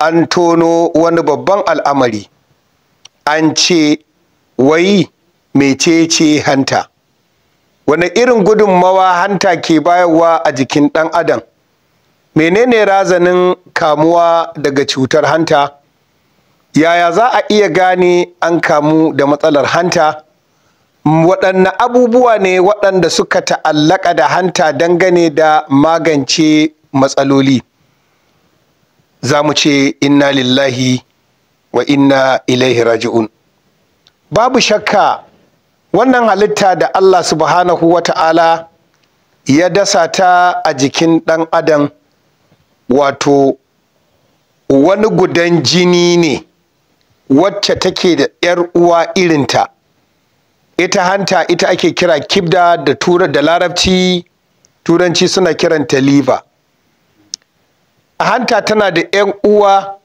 an tono wani babban al'amari an ce wai mecece hanta wani irin gudunmawa hanta ke bayarwa a jikin ɗan adam menene razanin kamuwa daga cutar hanta yaya za a iya gane an kamu da matsalar hanta waɗanne abubuwa ne waɗanda suka ta'allaka da hanta dangane da magance matsaloli za mu ce inna lillahi wa inna ilaihi raji'un babu shakka wannan halitta da allah subhanahu wa ta'ala ya dasa ta a jikin ɗan adam wato wani gudan jini ne wacce take da 'yar uwa irin ta. ita hanta ita ake kira kibda da larabci turanci suna kiranta liver hanta tana da 'yan uwa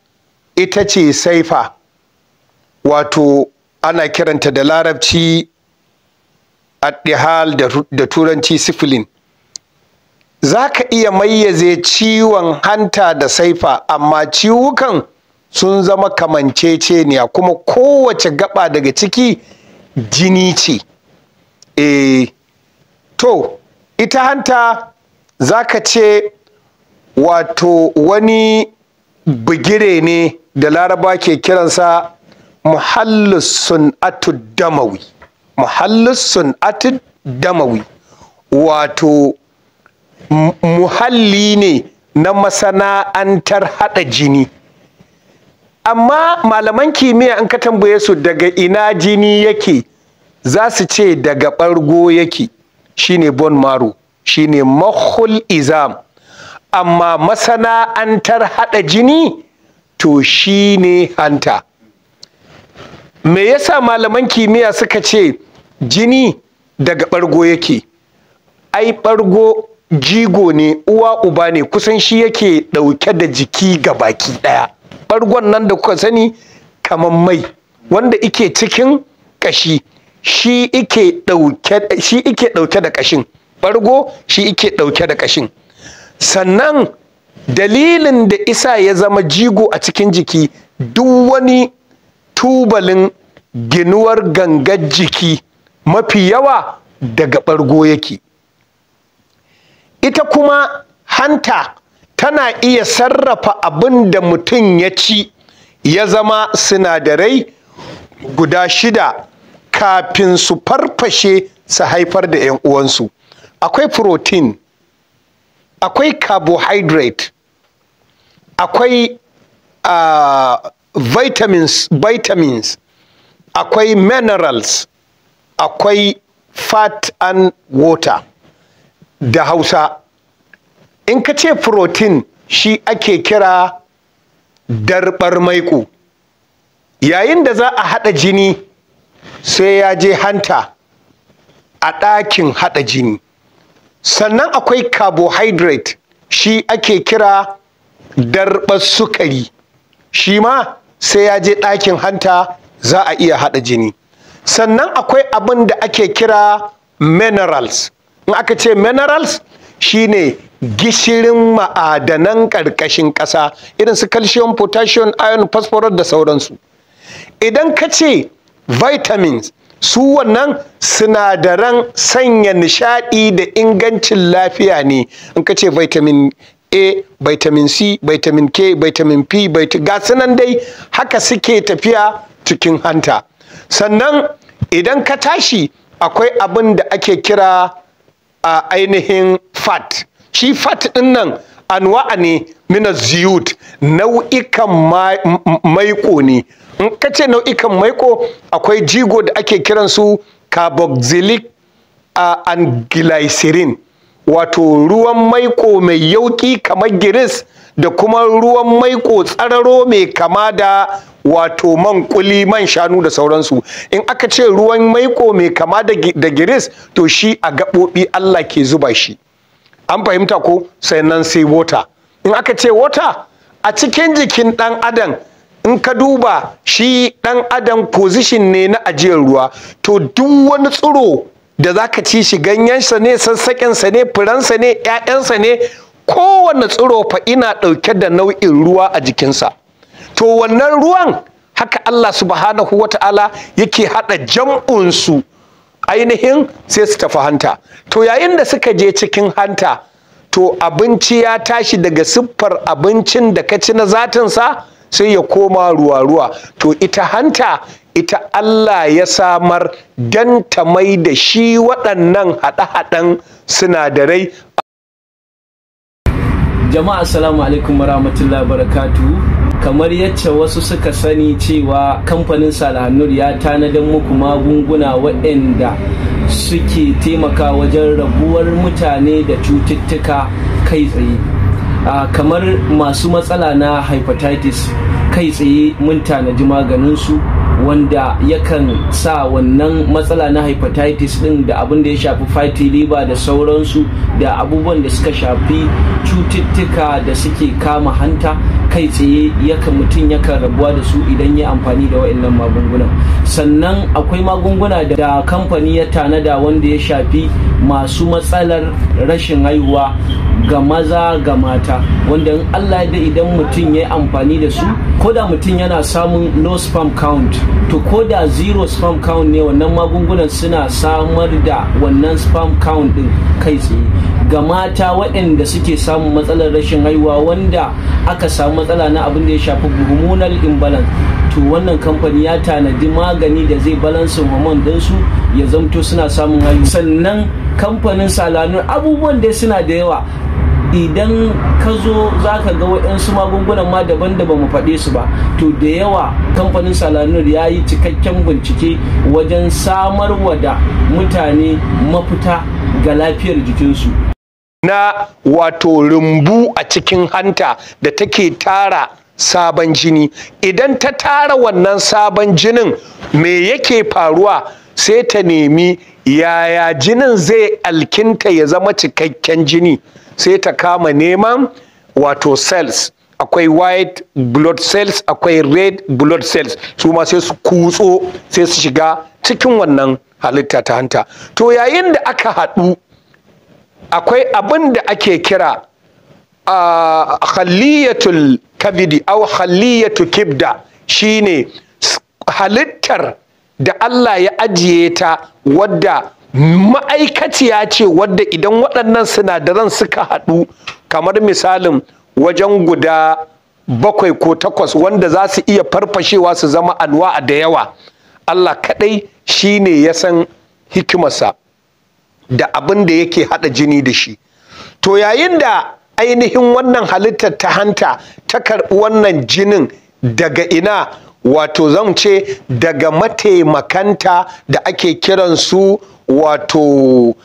ita ce saifa wato ana kiranta da larabci addihal da turanci sifilin za ka iya mayyaze ciwon hanta da saifa amma ciwukan sun zama kamanceceniya kuma kowace gaba daga ciki jini ce e, to ita hanta za ka ce wato wani bigire ne da laraba ke kiransa muhallus atu damawi muhallus atu damawi wato muhalli ne na masana'antar hada jini amma malaman kimiyya an ka tambaye su daga ina jini yake za su ce daga ɓargo yake shine bone marrow shine mahul izam amma masana'antar haɗa jini to shi ne hanta me yasa malaman kimiyya suka ce jini daga ɓargo yake ai ɓargo jigo ne uwa uba ne kusan shi yake ɗauke da jiki ga baki ɗaya ɓargon nan da kuka sani kamar mai wanda ike cikin ƙashi shi ike ɗauke da ƙashin ɓargo shi ike ɗauke da ƙashin sannan dalilin da isa ya zama jigo a cikin jiki duk wani tubalin ginuwar gangar jiki mafi yawa daga ɓargo yake ita kuma hanta tana iya sarrafa abin da mutum ya ci ya zama sinadarai guda shida kafin su farfashe su haifar da 'yan uwansu akwai protein akwai carbohydrate akwai uh, vitamins vitamins akwai minerals akwai fat and water da hausa in ka ce protein shi ake kira darbar maiku. yayin da za a haɗa jini sai ya je hanta a ɗakin haɗa jini sannan akwai carbohydrate shi ake kira darɓar sukari shi ma sai ya je ɗakin hanta za a iya haɗa jini sannan akwai abin da ake kira minerals in aka ce minerals shine gishirin ma'adanan ƙarƙashin ƙasa irin su calcium potassium iron phosphorus da sauransu idan ka ce vitamins su wannan sinadaran sanya nishaɗi da ingancin lafiya ne in ka ce vitamin a vitamin c vitamin k vitamin p ga sunan dai haka suke tafiya cikin hanta sannan idan ka tashi akwai abin da ake kira a ainihin fat shi fat ɗin nan an ne mina ziyut nau'ikan maiko ne in ka ce nau'ikan maiko akwai jigo da ake kiransu carboxylic and glycerin wato ruwan maiko mai yauki kamar giris da kuma ruwan maiko tsararo mai kama da wato man kuli man shanu da sauransu in aka ce ruwan maiko mai kama da giris to shi a gaɓoɓi Allah ke zuba shi an fahimta ko sai nan sai wota in aka ce wata a cikin jikin ɗan adam in ka duba shi ɗan adam position ne na ajiyar ruwa to duk wani tsiro da za ka ci shi ganyensa ne sassaƙensa ne furensa ne 'ya'yansa ne kowane tsiro fa ina ɗauke da nau'in ruwa a jikinsa to wannan ruwan haka Allah subhanahu wata'ala yake haɗa jam'unsu ainihin sai su tafi hanta to yayin da suka je cikin hanta to abinci ya tashi daga siffar abincin da ka ci na zatinsa sai ya koma ruwa-ruwa to ita hanta ita Allah ya samar don ta mai da shi waɗannan haɗa haɗen sinadarai jama'a assalamu alaikum wa wa barakatuhu kamar yacce wasu suka sani cewa kamfanin salanur ya tanadar muku magunguna waɗanda suke taimaka wajen rabuwar mutane da cututtuka kai tsaye kamar masu matsala na hepatitis kai tsaye mun tanaji maganinsu wanda yakan sa wannan matsala na hepatitis din da abin da ya shafi fatty liver da sauransu da abubuwan da suka shafi cututtuka da suke kama hanta kai tsaye yakan mutum yakan rabuwa da su idan ya amfani da wa'annan magungunan sannan akwai magunguna da kamfani ya tanada wanda ya shafi masu matsalar rashin haihuwa ga maza ga mata wanda in Allah da idan mutum ya yi amfani da su ko da mutum yana samun low sperm count to ko da zero sperm count ne wannan magungunan suna samar da wannan sperm count din kai tsaye ga mata waɗanda suke samun matsalar rashin haihuwa wanda aka samu matsala na abin da ya shafi hormonal imbalance to wannan kamfani ya tanadi magani da zai balansin hormone su ya zamto suna samun haihu sannan kamfanin salanur abubuwan dai suna da yawa idan ka zo za ka ga waɗansu magungunan ma daban da ba mu faɗe su ba to da yawa kamfanin salanur ya yi cikakken bincike wajen samarwa da mutane mafita ga lafiyar jikinsu na wato rumbu a cikin hanta da take tara sabon jini idan ta tara wannan sabon jinin me yake faruwa sai ta nemi yaya jinin zai alkinta ya zama cikakken jini sai ta kama neman wato cells akwai white blood cells akwai red blood cells su ma sai su kutso sai su shiga cikin wannan halitta ta hanta to yayin da aka haɗu akwai abin da ake kira khaliyatul kabidi au khaliyatul kibda shine halittar da Allah ya ajiye ta wadda ma'aikaciya ce wadda idan waɗannan sinadaran suka haɗu kamar misalin wajen guda bakwai ko takwas wanda za su iya farfashewa su zama anwa da yawa Allah kaɗai shine ya san hikimarsa da abin da yake haɗa jini da shi to yayin da ainihin wannan halittar ta hanta ta karɓi wannan jinin daga ina wato zan ce daga mataimakanta da ake kiransu wato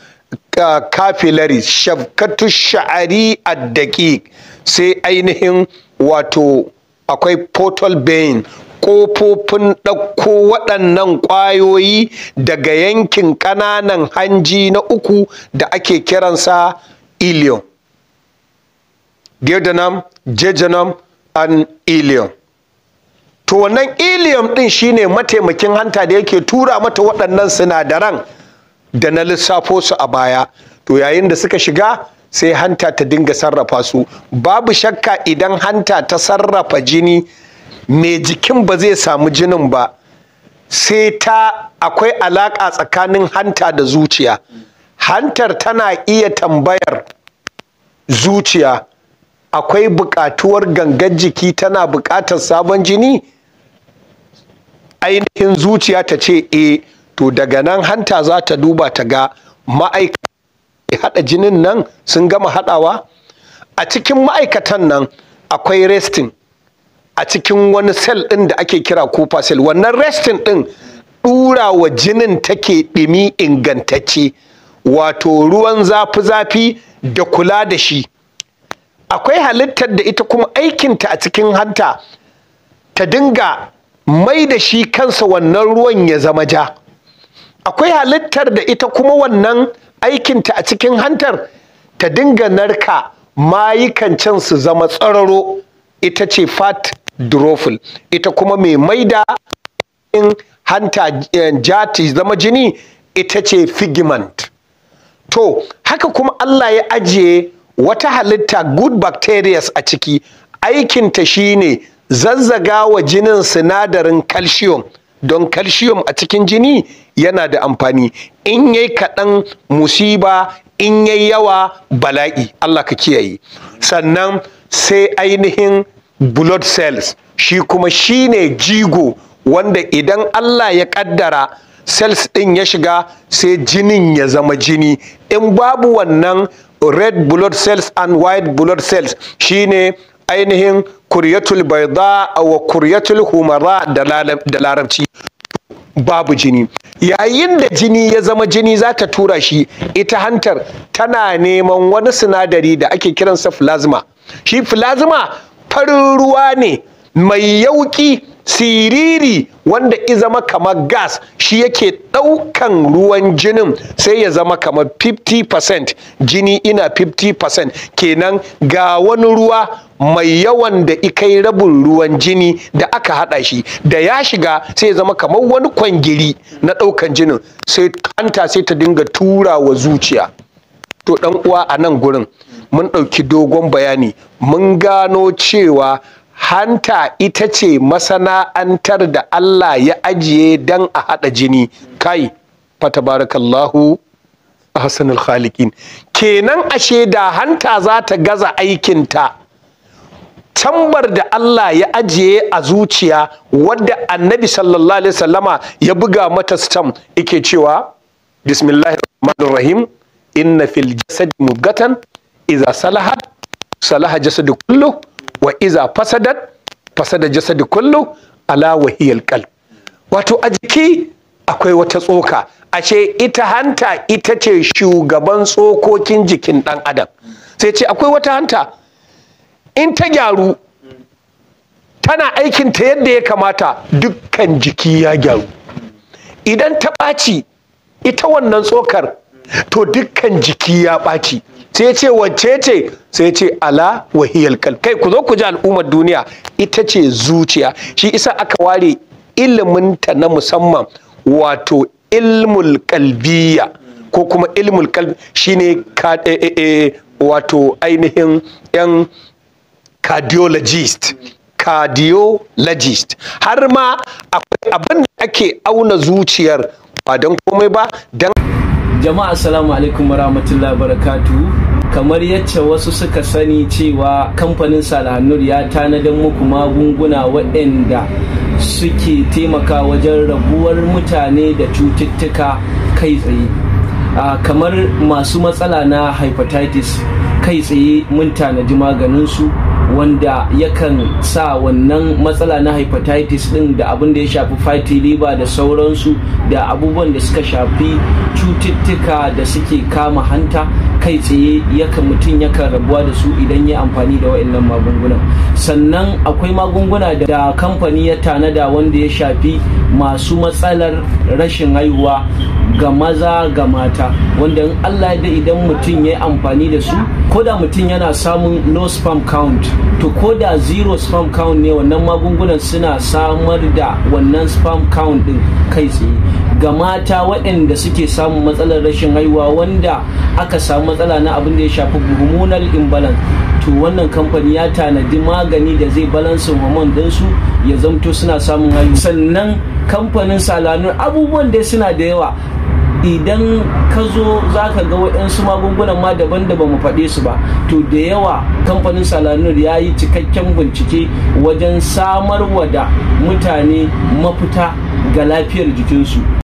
kafilari shafkatu sha'ari daƙi, sai ainihin wato akwai portal vein ƙofofin ɗauko waɗannan ƙwayoyi daga yankin ƙananan hanji na uku da ake kiransa ilion Gedanam, Jejanam and Ilium. To wannan ilium ɗin shine mataimakin hanta da yake tura mata waɗannan sinadaran da na lissafo su a baya. To yayin da suka shiga sai hanta ta dinga sarrafa su. Babu shakka idan hanta ta sarrafa jini mai jikin ba zai samu jinin ba. Sai ta akwai alaƙa tsakanin hanta da zuciya. Hantar tana iya tambayar zuciya. akwai buƙatuwar gangan jiki tana buƙatar sabon jini ainihin zuciya ta ce e to daga nan hanta za ta duba ta ga ma'aikata haɗa jinin nan sun gama haɗawa a cikin ma'aikatan nan akwai resting a cikin wani sel ɗin da ake kira kofa sel wannan resting ɗin ɗura wa jinin take ɗimi ingantacce wato ruwan zafi-zafi da kula da shi akwai halittar da ita kuma aikinta a cikin hanta ta dinga mai da shi kansa wannan ruwan ya zama ja akwai halittar da ita kuma wannan aikinta a cikin hantar ta dinga narka mayukan can su zama tsararo ita ce fat drophil ita kuma mai maida in hanta eh, ja ta zama jini ita ce figment to haka kuma Allah ya ajiye wata halitta good bacterias a ciki aikinta shine zazzaga wa jinin sinadarin calcium don calcium a cikin jini yana da amfani in yai kaɗan musiba in yai yawa bala'i Allah ka kiyaye sannan sai ainihin blood cells shi kuma shine jigo wanda idan Allah ya ƙaddara cells ɗin ya shiga sai jinin ya zama jini in babu wannan red blood cells and white blood cells shine ainihin kuryatul bayda wa kuryatul humara da larabci babu jini yayin da jini ya zama jini za ta tura shi ita hantar tana neman wani sinadari da ake kiransa plasma shi plasma farin ruwa ne mai yauki siriri wanda i zama kamar gas shi yake ɗaukan ruwan jinin sai ya zama kamar 50% jini ina 50% kenan ga wani ruwa mai yawan da ikai rabin ruwan jini da aka haɗa shi da ya shiga sai ya zama kamar wani kwangiri na ɗaukan jinin sai kanta sai ta dinga tura wa zuciya to dan uwa a nan gurin mun ɗauki dogon bayani mun gano cewa hanta ita ce masana'antar da Allah ya ajiye dan a haɗa jini kai fatabarakallahu ahsanul khaliqin kenan ashe da hanta za ta gaza aikinta tambar da Allah ya ajiye a zuciya wadda annabi sallallahu alaihi sallama ya buga mata stam ike cewa bismillahirrahmanirrahim inna fil jasad mugatan Iza salahat salaha jasadu kullu wa iza fasadat fasada jasadi kullu ala hiyal qalb wato a jiki akwai wata tsoka ashe ita hanta ita ce shugaban tsokokin jikin ɗan adam sai ce akwai wata hanta in ta gyaru tana aikin ta yadda ya kamata dukkan jiki ya gyaru idan ta ɓaci ita wannan tsokar to dukkan jiki ya ɓaci sai ce wacce ce sai ce ala wahiyal kai ku zo ku ji al'ummar duniya ita ce zuciya shi isa aka ware iliminta na musamman wato ilmul kalbiya ko kuma ilmul kalbi shine eh, eh, eh, wato ainihin yan cardiologist cardiologist har ma akwai abin da ake auna zuciyar ba don komai ba don jama'a assalamu alaikum warahmatullahi barakatu kamar yacce wasu suka sani cewa kamfanin salahanur ya tanadar muku magunguna waɗanda suke taimaka wajen rabuwar mutane da cututtuka kai tsaye kamar masu matsala na hepatitis kai tsaye mun tanadi maganinsu wanda yakan sa wannan matsala na hepatitis din da abin da ya shafi fatty liver da sauransu da abubuwan da suka shafi cututtuka da suke kama hanta kai tsaye yakan mutum yakan rabuwa da su idan ya amfani da wa'annan magungunan sannan akwai magunguna da kamfani ya tanada wanda ya shafi masu matsalar rashin haihuwa ga maza ga mata wanda in allah da idan mutum ya yi amfani da su koda mutum yana samun no sperm count to koda zero spam count ne wannan magungunan suna samar da wannan spam count din kai tsaye ga mata waɗanda suke samun matsalar rashin haihuwa wanda aka samu matsala na abin da ya shafi hormonal imbalance to wannan kamfani ya tanadi magani da zai balansin don dinsu ya zamto suna samun haihuwa sannan kamfanin salanu abubuwan da suna da yawa idan ka zo za ka ga waɗansu magungunan ma daban da mu faɗe su ba to da yawa kamfanin salanur ya yi cikakken bincike wajen samarwa da mutane mafita ga lafiyar jikinsu